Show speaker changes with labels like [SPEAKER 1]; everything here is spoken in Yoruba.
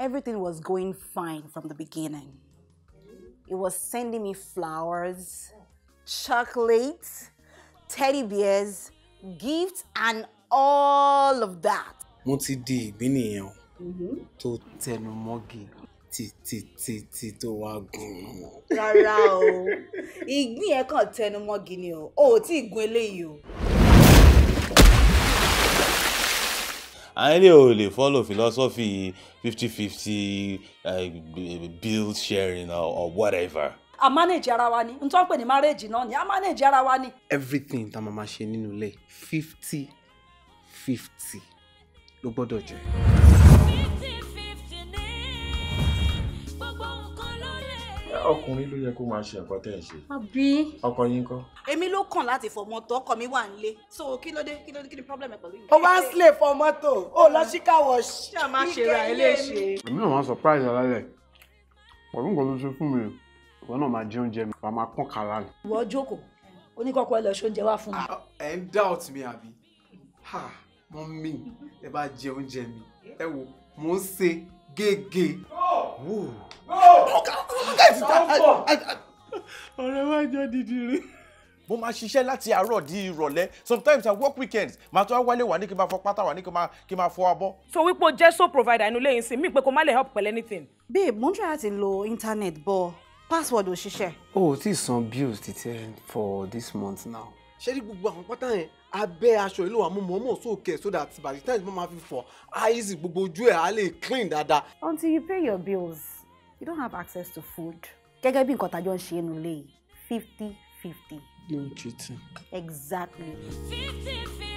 [SPEAKER 1] everything was going fine from the beginning. He was sending me flowers, chocolates, teddy bears, gifts, and all of that. Mo ti di ìgbín nìyẹn mm-hmm. tó tẹnu ti ti ti wá gùn. Rárá o, ìgbín yẹn kàn tẹnu mọ́gì ni o, o ti tí yo àwọn ilé ò follow philosophy fifty fifty bill sharing or, or whatever. a manage ara wa ni n tó ń pè ní marriage náà ni a manage ara wa ni. everything tá a máa ṣe nínú ilé fifty fifty ló gbọ́dọ̀ jẹ́. ọkùnrin ló yẹ kó máa ṣe ẹ̀kọ́ tẹ́ ẹ̀ ṣe. àbí. ọkọ yín kọ́. èmi ló kàn láti fọ mọ́tò ọkọ mi wà nílé so kí ló dé kí ló dé kí ni problem ẹ pẹ̀lú yìí. ó wá ń sílè fọ mọ́tò ó lọ sí káwọ̀ ṣe é máa ṣe ra ẹ léṣe. èmi náà máa surprise alálẹ̀ pẹ̀lú nǹkan tó ṣe fún mi ìwọ náà máa jẹ oúnjẹ mi wàá máa pọ́n kàrà ni. ìwọ jókòó oníkọ́kọ́ ẹ lọ ṣoúnjẹ wá fún mi. Ah, ẹ ń doubt mi àbí mọ́ mi ẹ bá jẹ oúnjẹ mi ẹ wò mò ń ṣe ọ̀rẹ́ wa jọ didi rí. mo máa ṣiṣẹ́ láti àárọ̀ di ìrọ̀lẹ́ sometimes i work weekends màá tó wá wálé wà ní kí n máa fọ pátá wà ní kí n máa fọ abọ́. so wípé o jẹ́ sole provider inú lẹ́yìn sí mi pé kó má lè help pẹ̀lú anything. babe mo ń try láti lo internet bọ̀ password ò ṣiṣẹ́. o ò tí ì san bills títí for this month now ṣé rí gbogbo àwọn pátá yẹn abẹ́ aṣọ ìlú wa mú mọ́mọ́ sókè so that by the time mo fi fọ àìsí gbogbo ojú ẹ̀ á lè clean dáadáa. until you pay your bills you don't have access to food. gẹ́gẹ́ bí nǹkan tájọ́ ń ṣe inú ilé yìí fifty fifty. no cheating. exactly. fifty fifty.